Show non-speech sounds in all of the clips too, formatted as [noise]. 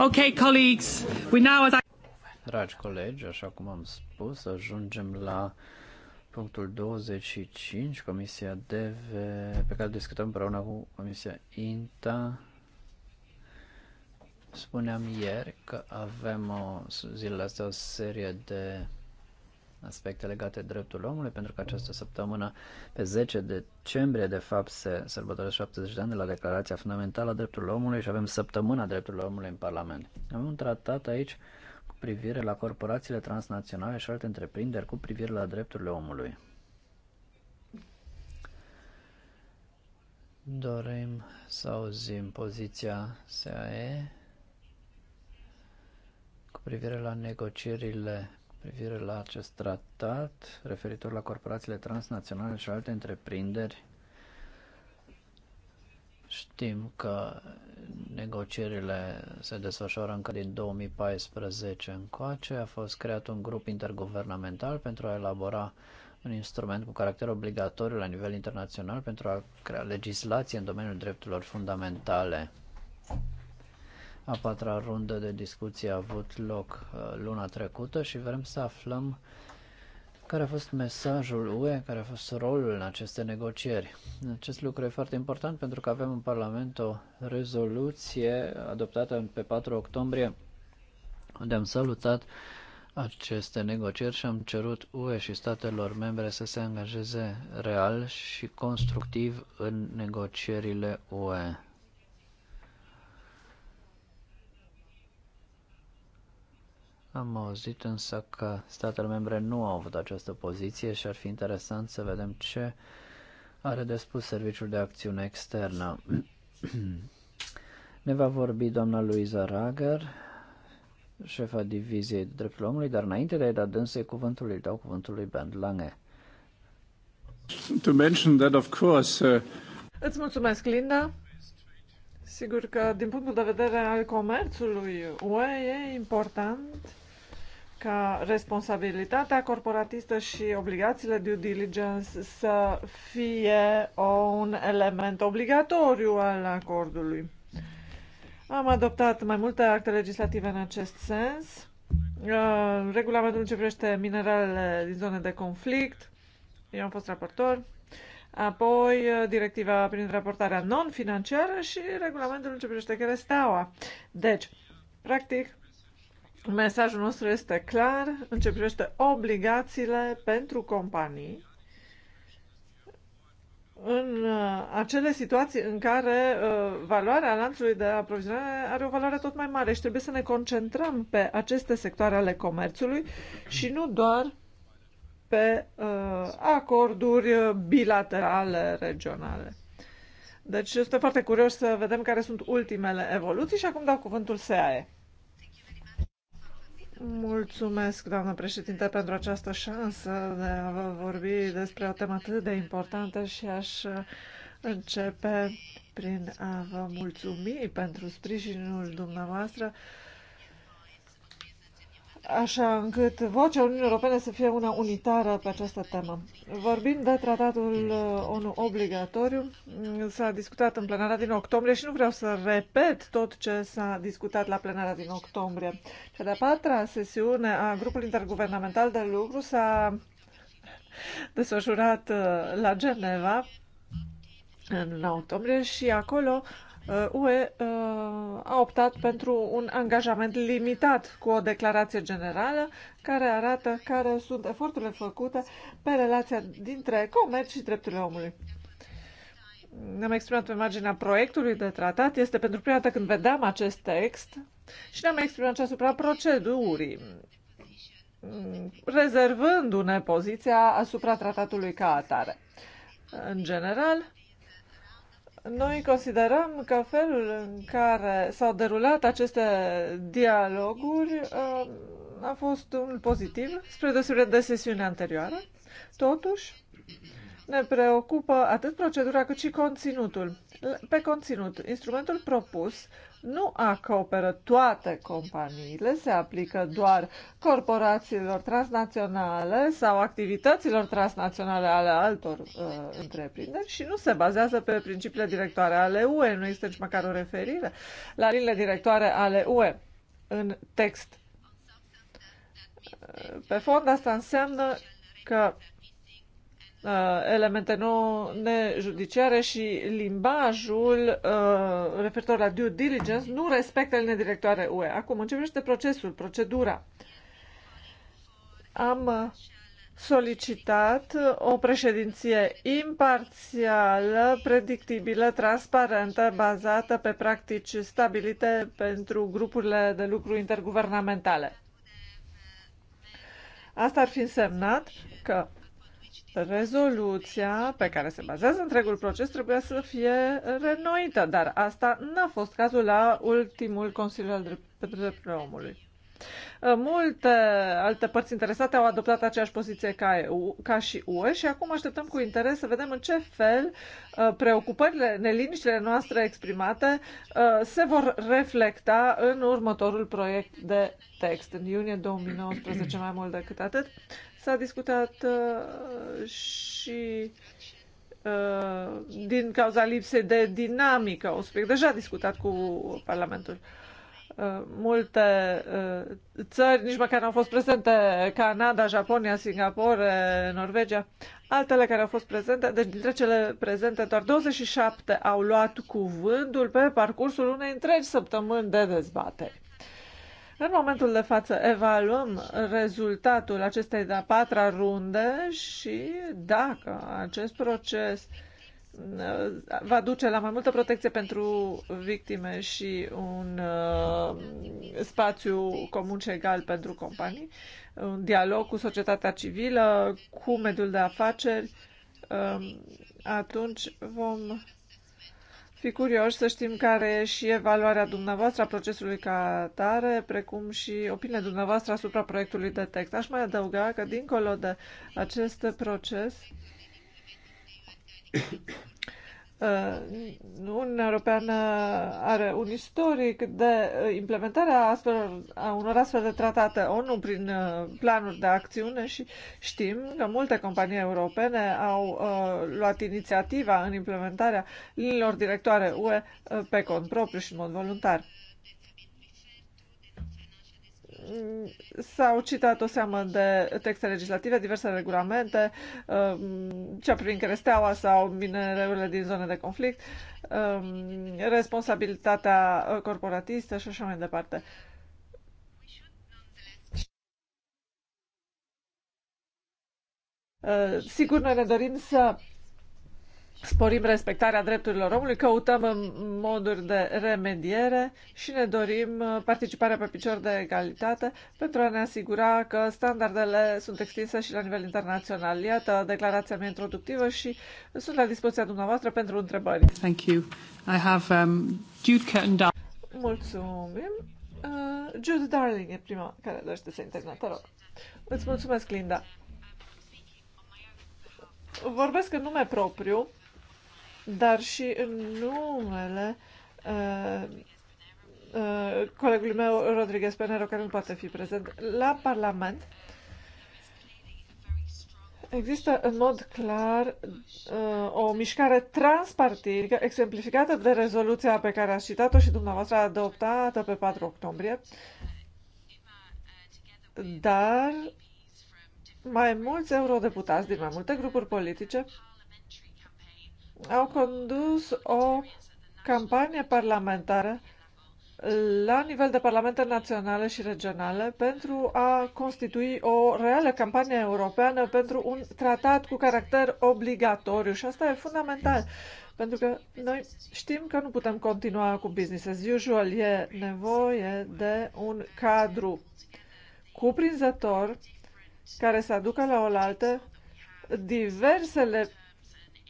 Okay, colleagues, we now... Dragi colegi, așa cum am spus, ajungem la punctul 25, Comisia DV, pe care discutăm împreună cu Comisia INTA. Spuneam ieri că avem o, zilele astea o serie de aspecte legate de dreptul omului, pentru că această săptămână, pe 10 decembrie, de fapt, se sărbătoresc 70 de ani de la Declarația Fundamentală a Drepturilor Omului și avem Săptămâna Drepturilor Omului în Parlament. Avem un tratat aici cu privire la corporațiile transnaționale și alte întreprinderi cu privire la drepturile omului. Dorim să auzim poziția SAE cu privire la negocierile privire la acest tratat referitor la corporațiile transnaționale și alte întreprinderi. Știm că negocierile se desfășoară încă din 2014 încoace. A fost creat un grup interguvernamental pentru a elabora un instrument cu caracter obligatoriu la nivel internațional pentru a crea legislație în domeniul drepturilor fundamentale. A patra rundă de discuții a avut loc uh, luna trecută și vrem să aflăm care a fost mesajul UE, care a fost rolul în aceste negocieri. Acest lucru e foarte important pentru că avem în Parlament o rezoluție adoptată pe 4 octombrie unde am salutat aceste negocieri și am cerut UE și statelor membre să se angajeze real și constructiv în negocierile UE. Am auzit însă că statele membre nu au avut această poziție și ar fi interesant să vedem ce are de spus Serviciul de Acțiune Externă. ne va vorbi doamna Luisa Rager, șefa diviziei dreptul omului, dar înainte de a-i da dânsei cuvântul, îi dau cuvântul lui Ben Lange. To mention that, of course, uh... Îți mulțumesc, Linda. Sigur că, din punctul de vedere al comerțului UE, e important ca responsabilitatea corporatistă și obligațiile due diligence să fie un element obligatoriu al acordului. Am adoptat mai multe acte legislative în acest sens. Uh, regulamentul ce privește mineralele din zone de conflict. Eu am fost raportor. Apoi uh, directiva prin raportarea non-financiară și regulamentul ce privește steaua. Deci, practic, Mesajul nostru este clar în ce privește obligațiile pentru companii în uh, acele situații în care uh, valoarea lanțului de aprovizionare are o valoare tot mai mare și trebuie să ne concentrăm pe aceste sectoare ale comerțului și nu doar pe uh, acorduri bilaterale, regionale. Deci este foarte curios să vedem care sunt ultimele evoluții și acum dau cuvântul SAE. Mulțumesc, doamnă președinte, pentru această șansă de a vă vorbi despre o temă atât de importantă și aș începe prin a vă mulțumi pentru sprijinul dumneavoastră așa încât vocea Uniunii Europene să fie una unitară pe această temă. Vorbim de tratatul uh, ONU obligatoriu. S-a discutat în plenara din octombrie și nu vreau să repet tot ce s-a discutat la plenara din octombrie. Cea de-a patra sesiune a grupului interguvernamental de lucru s-a desfășurat uh, la Geneva în octombrie și acolo Uh, UE uh, a optat pentru un angajament limitat cu o declarație generală care arată care sunt eforturile făcute pe relația dintre comerț și drepturile omului. Ne-am exprimat pe marginea proiectului de tratat. Este pentru prima dată când vedeam acest text și ne-am exprimat asupra procedurii, rezervându-ne poziția asupra tratatului ca atare. În general, noi considerăm că felul în care s-au derulat aceste dialoguri uh, a fost unul pozitiv, spre deosebire de sesiunea anterioară. Totuși, ne preocupă atât procedura cât și conținutul. Pe conținut, instrumentul propus nu acoperă toate companiile, se aplică doar corporațiilor transnaționale sau activităților transnaționale ale altor uh, întreprinderi și nu se bazează pe principiile directoare ale UE. Nu există nici măcar o referire la linile directoare ale UE în text. Uh, pe fond, asta înseamnă că uh, elemente nu nejudiciare și limbajul uh, referitor la due diligence nu respectă linia directoare UE. Acum, în ce privește procesul, procedura, am uh, solicitat o președinție imparțială, predictibilă, transparentă, bazată pe practici stabilite pentru grupurile de lucru interguvernamentale. Asta ar fi însemnat că Rezoluția pe care se bazează întregul proces trebuia să fie renoită, dar asta n-a fost cazul la ultimul Consiliu al Drepturilor Omului. Uh, multe alte părți interesate au adoptat aceeași poziție ca, EU, ca și UE și acum așteptăm cu interes să vedem în ce fel uh, preocupările, neliniștile noastre exprimate uh, se vor reflecta în următorul proiect de text. În iunie 2019, mai mult decât atât, s-a discutat și din cauza lipsei de dinamică, un subiect deja discutat cu Parlamentul. Uh, multe uh, țări, nici măcar nu au fost prezente, Canada, Japonia, Singapore, Norvegia, altele care au fost prezente, deci dintre cele prezente doar 27 au luat cuvântul pe parcursul unei întregi săptămâni de dezbateri. În momentul de față evaluăm rezultatul acestei de-a patra runde și dacă acest proces uh, va duce la mai multă protecție pentru victime și un uh, spațiu comun și egal pentru companii, un dialog cu societatea civilă, cu mediul de afaceri, uh, atunci vom fi curioși să știm care e și evaluarea dumneavoastră a procesului ca tare, precum și opinia dumneavoastră asupra proiectului de text. Aș mai adăuga că, dincolo de acest proces, uh, Uh, Uniunea Europeană are un istoric de uh, implementarea astfel, a unor astfel de tratate ONU prin uh, planuri de acțiune și știm că multe companii europene au uh, luat inițiativa în implementarea liniilor directoare UE pe cont propriu și în mod voluntar. S-au citat o seamă de texte legislative, diverse regulamente, um, cea privind cresteaua sau minereurile din zone de conflict, um, responsabilitatea corporatistă și așa mai departe. Uh, sigur, noi ne dorim să sporim respectarea drepturilor omului, căutăm uh, moduri de remediere și ne dorim uh, participarea pe picior de egalitate pentru a ne asigura că standardele sunt extinse și la nivel internațional. Iată declarația mea introductivă și sunt la dispoziția dumneavoastră pentru întrebări. Thank you. I have um, Jude Curtin Darling. Mulțumim. Uh, Jude Darling e prima care dorește să intervină. Te rog. Îți mulțumesc, Linda. Vorbesc în nume propriu dar și în numele uh, uh, colegului meu, Rodriguez Penero, care nu poate fi prezent la Parlament. Există în mod clar uh, o mișcare transpartidică exemplificată de rezoluția pe care a citat-o și dumneavoastră adoptată pe 4 octombrie, dar mai mulți eurodeputați din mai multe grupuri politice au condus o campanie parlamentară la nivel de parlamente naționale și regionale pentru a constitui o reală campanie europeană pentru un tratat cu caracter obligatoriu și asta e fundamental pentru că noi știm că nu putem continua cu business as usual, e nevoie de un cadru cuprinzător care să aducă la oaltă diversele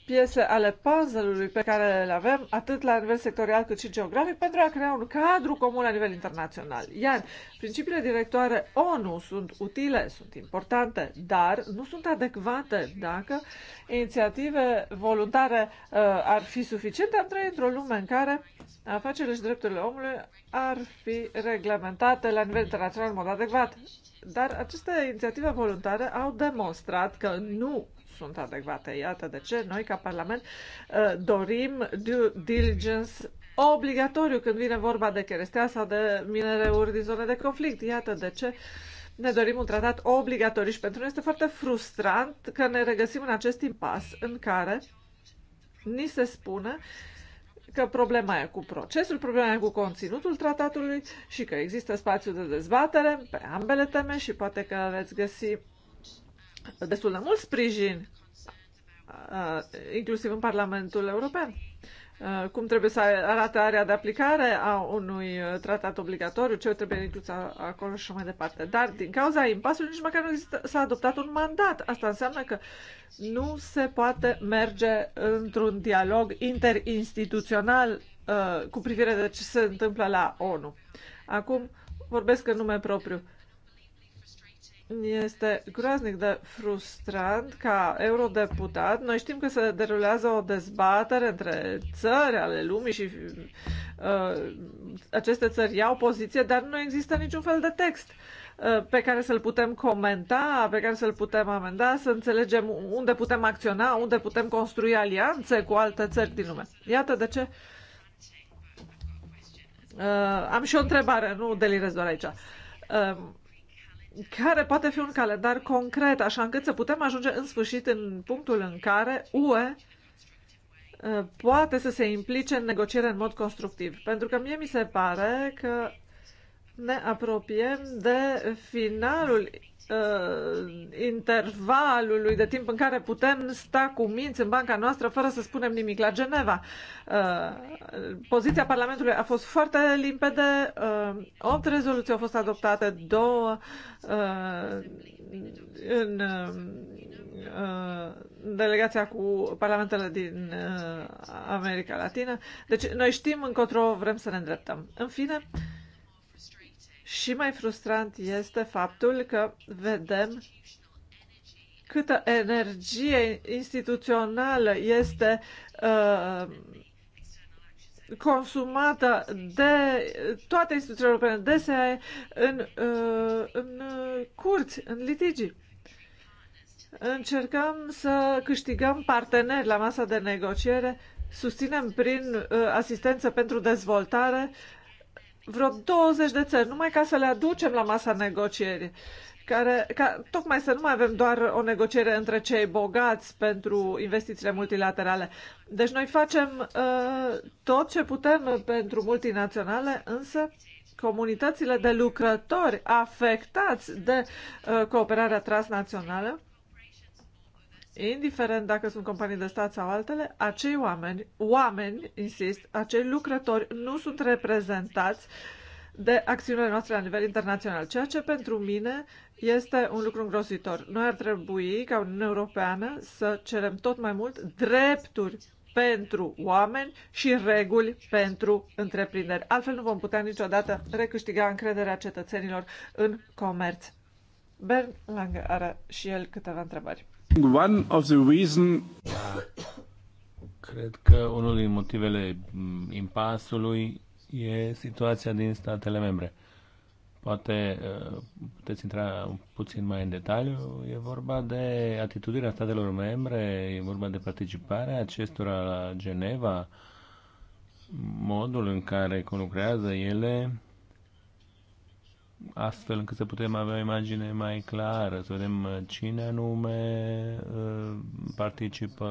piese ale puzzle-ului pe care le avem, atât la nivel sectorial cât și geografic, pentru a crea un cadru comun la nivel internațional. Iar principiile directoare ONU sunt utile, sunt importante, dar nu sunt adecvate dacă inițiative voluntare uh, ar fi suficiente. Am trăit într-o lume în care afacerile și drepturile omului ar fi reglementate la nivel internațional în mod adecvat. Dar aceste inițiative voluntare au demonstrat că nu sunt adecvate. Iată de ce noi, ca Parlament, uh, dorim due diligence obligatoriu când vine vorba de cherestea sau de minereuri din zone de conflict. Iată de ce ne dorim un tratat obligatoriu și pentru noi este foarte frustrant că ne regăsim în acest impas în care ni se spune că problema e cu procesul, problema e cu conținutul tratatului și că există spațiu de dezbatere pe ambele teme și poate că veți găsi destul de mult sprijin, inclusiv în Parlamentul European. Cum trebuie să arate area de aplicare a unui tratat obligatoriu, ce trebuie inclus acolo și mai departe. Dar din cauza impasului nici măcar nu s-a adoptat un mandat. Asta înseamnă că nu se poate merge într-un dialog interinstituțional cu privire de ce se întâmplă la ONU. Acum vorbesc în nume propriu. Este groaznic de frustrant ca eurodeputat. Noi știm că se derulează o dezbatere între țări ale lumii și uh, aceste țări iau poziție, dar nu există niciun fel de text uh, pe care să-l putem comenta, pe care să-l putem amenda, să înțelegem unde putem acționa, unde putem construi alianțe cu alte țări din lume. Iată de ce. Uh, am și o întrebare, nu delirez doar aici. Uh, care poate fi un calendar concret, așa încât să putem ajunge în sfârșit în punctul în care UE uh, poate să se implice în negociere în mod constructiv. Pentru că mie mi se pare că ne apropiem de finalul uh, intervalului de timp în care putem sta cu minți în banca noastră fără să spunem nimic la Geneva. Uh, poziția Parlamentului a fost foarte limpede, uh, 8 rezoluții au fost adoptate, două uh, în uh, delegația cu parlamentele din uh, America Latină. Deci noi știm încotro vrem să ne îndreptăm. În fine, uh, și mai frustrant este faptul că vedem câtă energie instituțională este uh, consumată de toate instituțiile europene, dese în, uh, în curți, în litigii. Încercăm să câștigăm parteneri la masa de negociere, susținem prin uh, asistență pentru dezvoltare uh, vreo 20 de țări, numai ca să le aducem la masa negocierii. Care, ca, tocmai să nu mai avem doar o negociere între cei bogați pentru investițiile multilaterale. Deci noi facem uh, tot ce putem pentru multinaționale, însă comunitățile de lucrători afectați de uh, cooperarea transnațională indiferent dacă sunt companii de stat sau altele, acei oameni, oameni, insist, acei lucrători nu sunt reprezentați de acțiunile noastre la nivel internațional, ceea ce pentru mine este un lucru îngrozitor. Noi ar trebui, ca Uniunea Europeană, să cerem tot mai mult drepturi pentru oameni și reguli pentru întreprinderi. Altfel nu vom putea niciodată recâștiga încrederea cetățenilor în comerț. Bern Lange are și el câteva întrebări. One of the reason... Cred că unul din motivele mm, impasului e situația din statele membre. Poate uh, puteți intra puțin mai în detaliu. E vorba de atitudinea statelor membre, e vorba de participarea acestora la Geneva, modul în care conlucrează ele astfel încât să putem avea o imagine mai clară, să vedem uh, cine anume uh, participă,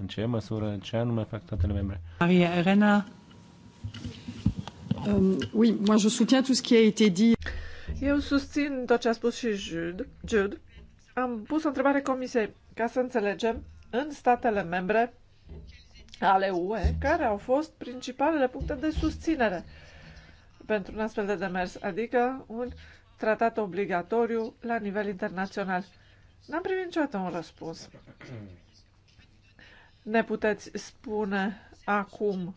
în ce măsură, ce anume fac statele membre. Maria Elena. Um, oui, moi je soutiens tout ce qui a été dit. Eu susțin tot ce a spus și Jude. Jude. Am pus o întrebare comisiei ca să înțelegem în statele membre ale UE care au fost principalele puncte de susținere pentru un astfel de demers, adică un tratat obligatoriu la nivel internațional. N-am primit niciodată un răspuns. Ne puteți spune acum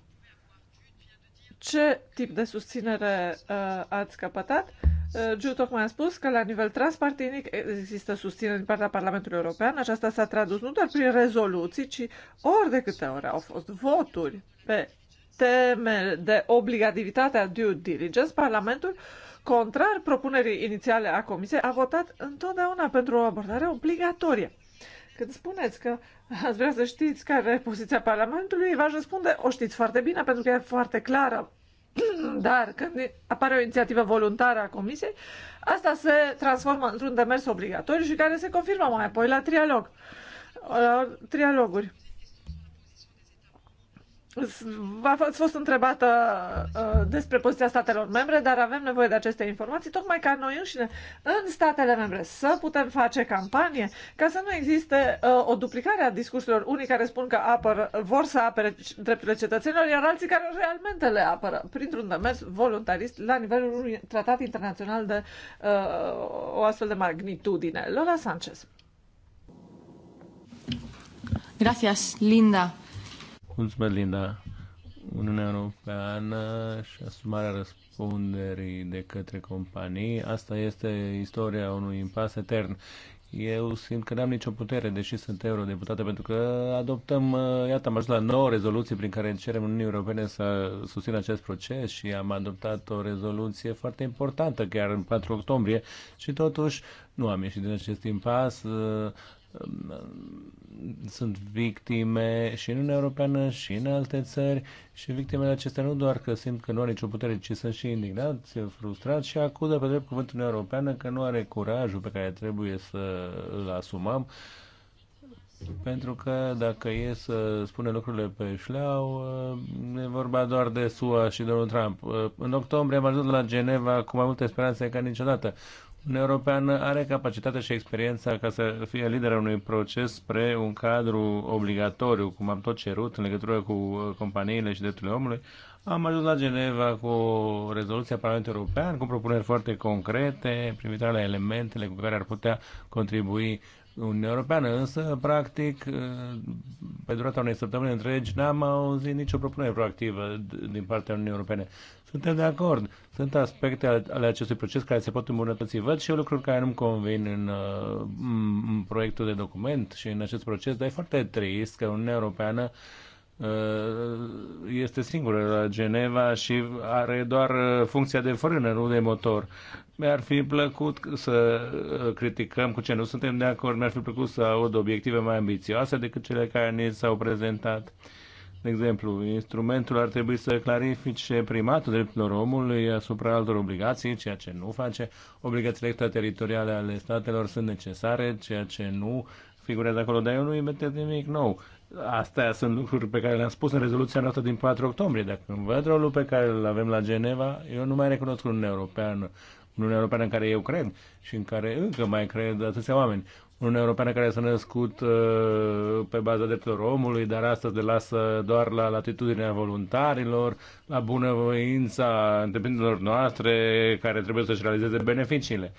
ce tip de susținere uh, ați căpătat? Uh, Giu tocmai a spus că la nivel transpartinic există susținere din partea Parlamentului European. Aceasta s-a tradus nu doar prin rezoluții, ci ori de câte ori au fost voturi pe teme de obligativitatea due diligence, Parlamentul, contrar propunerii inițiale a Comisiei, a votat întotdeauna pentru o abordare obligatorie. Când spuneți că ați vrea să știți care e poziția Parlamentului, v-aș răspunde, o știți foarte bine, pentru că e foarte clară. [clears throat] Dar când apare o inițiativă voluntară a Comisiei, asta se transformă într-un demers obligatoriu și care se confirmă mai apoi la trialog. La trialoguri a fost întrebată uh, despre poziția statelor membre, dar avem nevoie de aceste informații, tocmai ca noi înșine, în statele membre, să putem face campanie, ca să nu existe uh, o duplicare a discursurilor, unii care spun că apăr, vor să apere drepturile cetățenilor, iar alții care realmente le apără, printr-un demers voluntarist, la nivelul unui tratat internațional de uh, o astfel de magnitudine. Lola Sanchez. Gracias, Linda. Mulțumesc, Linda. Uniunea Europeană și asumarea răspunderii de către companii, asta este istoria unui impas etern. Eu simt că n-am nicio putere, deși sunt eurodeputată, pentru că adoptăm, uh, iată, am ajuns la nouă rezoluții prin care cerem Uniunii Europene să susțină acest proces și am adoptat o rezoluție foarte importantă chiar în 4 octombrie și totuși nu am ieșit din acest impas, uh, sunt victime și în Uniunea Europeană și în alte țări și victimele acestea nu doar că simt că nu are nicio putere, ci sunt și indignați, frustrați și acudă pe drept cuvântul Uniunea Europeană că nu are curajul pe care trebuie să îl asumăm pentru că dacă e să spune lucrurile pe șleau, e vorba doar de SUA și Donald Trump. În octombrie am ajuns la Geneva cu mai multe speranțe ca niciodată. Uniunea Europeană are capacitatea și experiența ca să fie lidera unui proces spre un cadru obligatoriu, cum am tot cerut în legătură cu companiile și drepturile omului. Am ajuns la Geneva cu o rezoluție a Parlamentului European, cu propuneri foarte concrete privitoare la elementele cu care ar putea contribui Uniunea Europeană, însă, practic, eh, pe durata unei săptămâni întregi, n-am auzit nicio propunere proactivă din partea Uniunii Europene. Suntem de acord. Sunt aspecte ale acestui proces care se pot îmbunătăți. Văd și eu lucruri care nu-mi convin în, eh, în proiectul de document și în acest proces, dar e foarte trist că Uniunea Europeană Uh, este singură la Geneva și are doar uh, funcția de frână, nu de motor. Mi-ar fi plăcut să uh, criticăm cu ce nu suntem de acord, mi-ar fi plăcut să aud obiective mai ambițioase decât cele care ni s-au prezentat. De exemplu, instrumentul ar trebui să clarifice primatul drepturilor omului asupra altor obligații, ceea ce nu face. Obligațiile extrateritoriale ale statelor sunt necesare, ceea ce nu figurează acolo, dar eu nu inventez nimic nou. Astea sunt lucruri pe care le-am spus în rezoluția noastră din 4 octombrie. Dacă îmi văd rolul pe care îl avem la Geneva, eu nu mai recunosc un european, un european în care eu cred și în care încă mai cred atâția oameni. un european care s-a născut uh, pe baza drepturilor omului, dar astăzi le lasă doar la latitudinea voluntarilor, la bunăvoința întreprinderilor noastre care trebuie să-și realizeze beneficiile.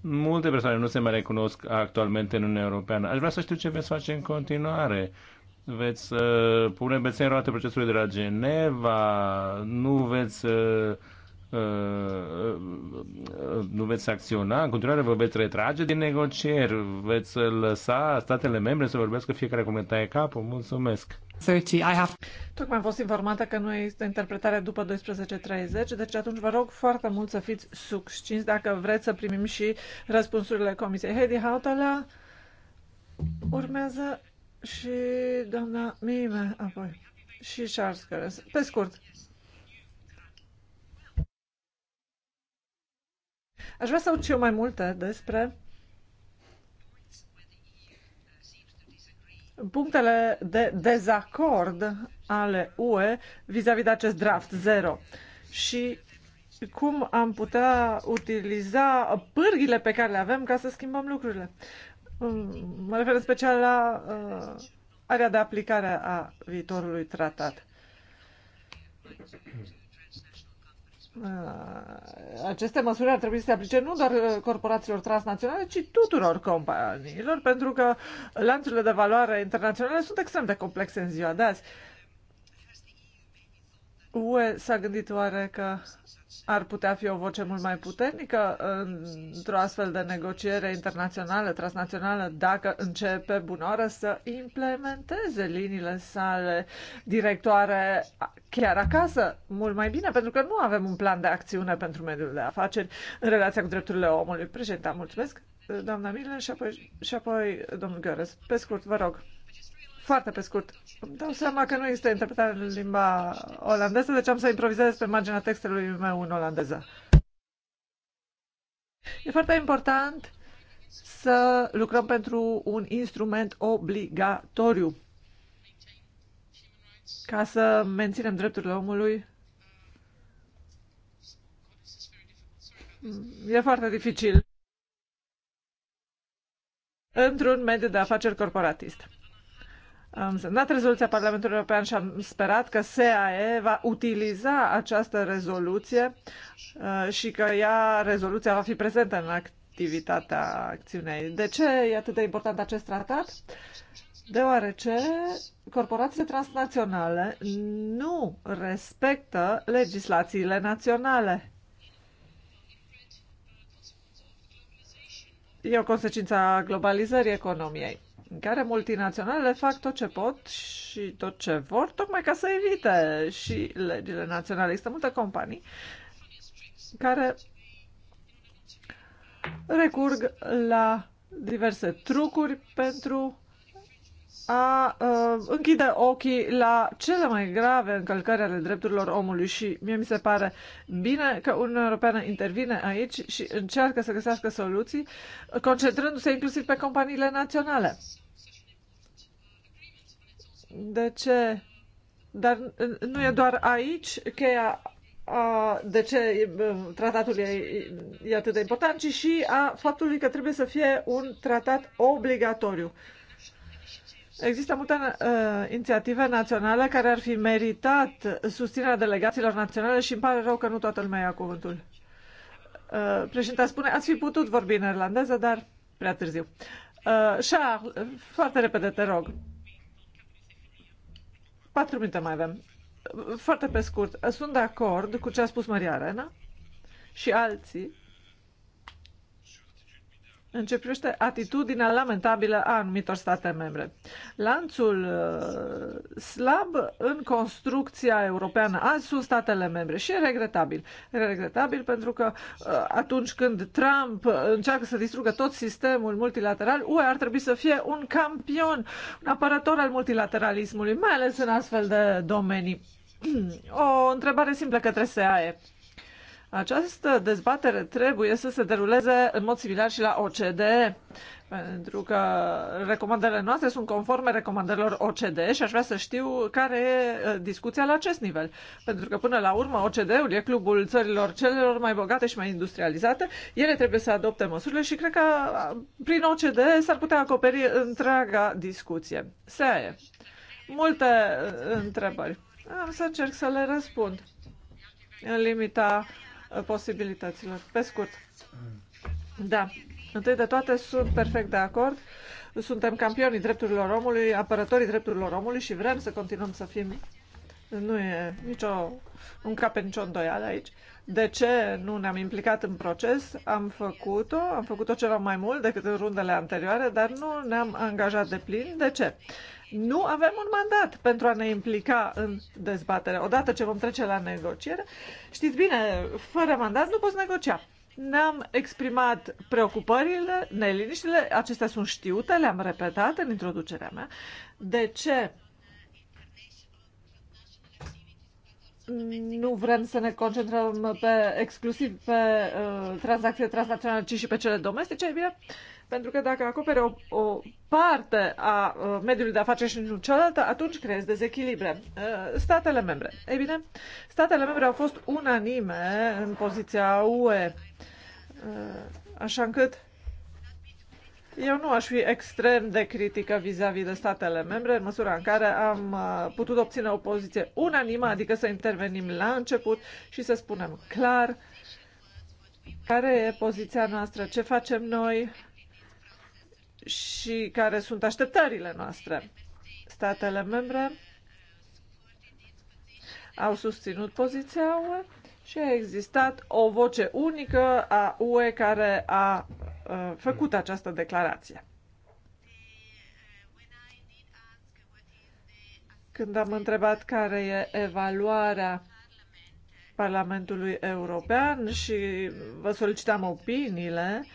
Multe persoane nu se mai recunosc actualmente în Uniunea Europeană. Aș vrea să știu ce veți face în continuare veți uh, pune bețe în roate procesului de la Geneva, nu veți uh, uh, nu veți acționa, în continuare vă veți retrage din negocieri, veți lăsa statele membre să vorbească fiecare cum taie capul. Mulțumesc! Tocmai am fost informată că nu este interpretarea după 12.30, deci atunci vă rog foarte mult să fiți succinți dacă vreți să primim și răspunsurile Comisiei. Heidi Hautala, urmează și doamna Mime apoi și Charles Cărăs. Pe scurt. Aș vrea să aud eu mai multe despre punctele de dezacord ale UE vis-a-vis -vis de acest draft zero și cum am putea utiliza pârghile pe care le avem ca să schimbăm lucrurile. Mm, mă refer în special la uh, area de aplicare a viitorului tratat. Uh, aceste măsuri ar trebui să se aplice nu doar corporațiilor transnaționale, ci tuturor companiilor, pentru că lanțurile de valoare internaționale sunt extrem de complexe în ziua de azi. Uh, UE s-a gândit oare că ar putea fi o voce mult mai puternică într-o astfel de negociere internațională, transnațională, dacă începe bunoră să implementeze liniile sale directoare chiar acasă mult mai bine, pentru că nu avem un plan de acțiune pentru mediul de afaceri în relația cu drepturile omului. Președinte, mulțumesc, doamna Miller și apoi, și apoi domnul Gheorez. Pe scurt, vă rog. Foarte pe scurt. Îmi dau seama că nu există interpretare în limba olandeză, deci am să improvizez pe marginea textului meu în olandeză. E foarte important să lucrăm pentru un instrument obligatoriu ca să menținem drepturile omului. E foarte dificil într-un mediu de afaceri corporatist. Am semnat rezoluția Parlamentului European și am sperat că SAE va utiliza această rezoluție uh, și că ea, rezoluția, va fi prezentă în activitatea acțiunei. De ce e atât de important acest tratat? Deoarece corporațiile transnaționale nu respectă legislațiile naționale. E o consecință a globalizării economiei în care multinaționalele fac tot ce pot și tot ce vor, tocmai ca să evite și legile naționale. Există multe companii care recurg la diverse trucuri pentru a uh, închide ochii la cele mai grave încălcări ale drepturilor omului și mie mi se pare bine că Uniunea Europeană intervine aici și încearcă să găsească soluții, concentrându-se inclusiv pe companiile naționale. De ce? Dar nu e doar aici cheia a, de ce tratatul e, e atât de important, ci și a faptului că trebuie să fie un tratat obligatoriu. Există multe uh, inițiative naționale care ar fi meritat susținerea delegațiilor naționale și îmi pare rău că nu toată lumea ia cuvântul. Uh, președinta spune, ați fi putut vorbi în irlandeză, dar prea târziu. Uh, Charles, foarte repede, te rog. Patru minute mai avem. Foarte pe scurt, sunt de acord cu ce a spus Maria Arena și alții în ce privește atitudinea lamentabilă a anumitor state membre. Lanțul uh, slab în construcția europeană azi sunt statele membre și e regretabil. E regretabil pentru că uh, atunci când Trump încearcă să distrugă tot sistemul multilateral, UE ar trebui să fie un campion, un apărător al multilateralismului, mai ales în astfel de domenii. [clears throat] O întrebare simplă către SAE. Această dezbatere trebuie să se deruleze în mod similar și la OCDE, pentru că recomandările noastre sunt conforme recomandărilor OCDE și aș vrea să știu care e discuția la acest nivel. Pentru că până la urmă OCDE-ul e clubul țărilor celor mai bogate și mai industrializate, ele trebuie să adopte măsurile și cred că prin OCDE s-ar putea acoperi întreaga discuție. SEAE. Multe întrebări. Am să încerc să le răspund în limita posibilităților. Pe scurt, da, întâi de toate sunt perfect de acord. Suntem campionii drepturilor omului, apărătorii drepturilor omului și vrem să continuăm să fim nu e nicio, cap cape nicio îndoială aici. De ce nu ne-am implicat în proces? Am făcut-o, am făcut-o ceva mai mult decât în rundele anterioare, dar nu ne-am angajat de plin. De ce? Nu avem un mandat pentru a ne implica în dezbatere. Odată ce vom trece la negociere, știți bine, fără mandat nu poți negocia. Ne-am exprimat preocupările, neliniștile, acestea sunt știute, le-am repetat în introducerea mea. De ce nu vrem să ne concentrăm pe, exclusiv pe uh, tranzacțiile transnaționale, ci și pe cele domestice, e bine, pentru că dacă acopere o, o parte a uh, mediului de afaceri și nu cealaltă, atunci creezi dezechilibre. Uh, statele membre. Ei bine, statele membre au fost unanime în poziția UE, uh, așa încât eu nu aș fi extrem de critică vis-a-vis -vis de statele membre, în măsura în care am uh, putut obține o poziție unanimă, adică să intervenim la început și să spunem clar care e poziția noastră, ce facem noi și care sunt așteptările noastre. Statele membre au susținut poziția UE și a existat o voce unică a UE care a Uh, făcut această declarație. Când am întrebat care e evaluarea Parlamentului European și vă solicitam opiniile,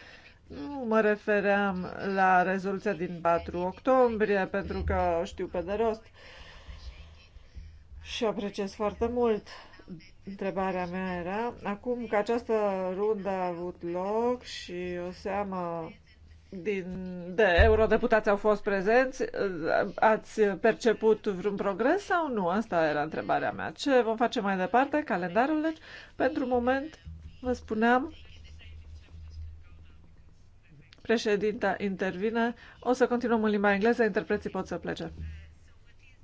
nu mă refeream la rezoluția din 4 octombrie, pentru că o știu pe de rost și apreciez foarte mult Întrebarea mea era, acum că această rundă a avut loc și o seamă din, de eurodeputați au fost prezenți, ați perceput vreun progres sau nu? Asta era întrebarea mea. Ce vom face mai departe? Calendarul, deci, pentru moment, vă spuneam, președinta intervine. O să continuăm în limba engleză, interpreții pot să plece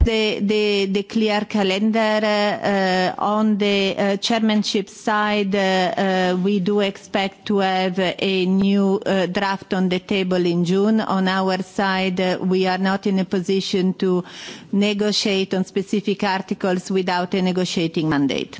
the, the, the clear calendar. Uh, on the uh, chairmanship side, uh, we do expect to have a new draft on the table in June. On our side, we are not in a position to negotiate on specific articles without a negotiating mandate.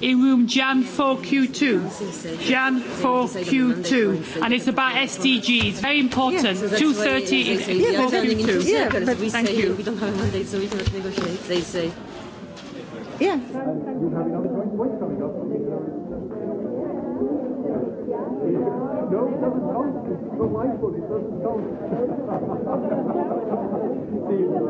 in room Jan 4Q2. Jan 4Q2. And it's about SDGs. Very important. 2.30 in 4Q2. Yeah, but thank you. We don't have a mandate, so we cannot negotiate, they say. Yeah. No, it doesn't count. it doesn't count.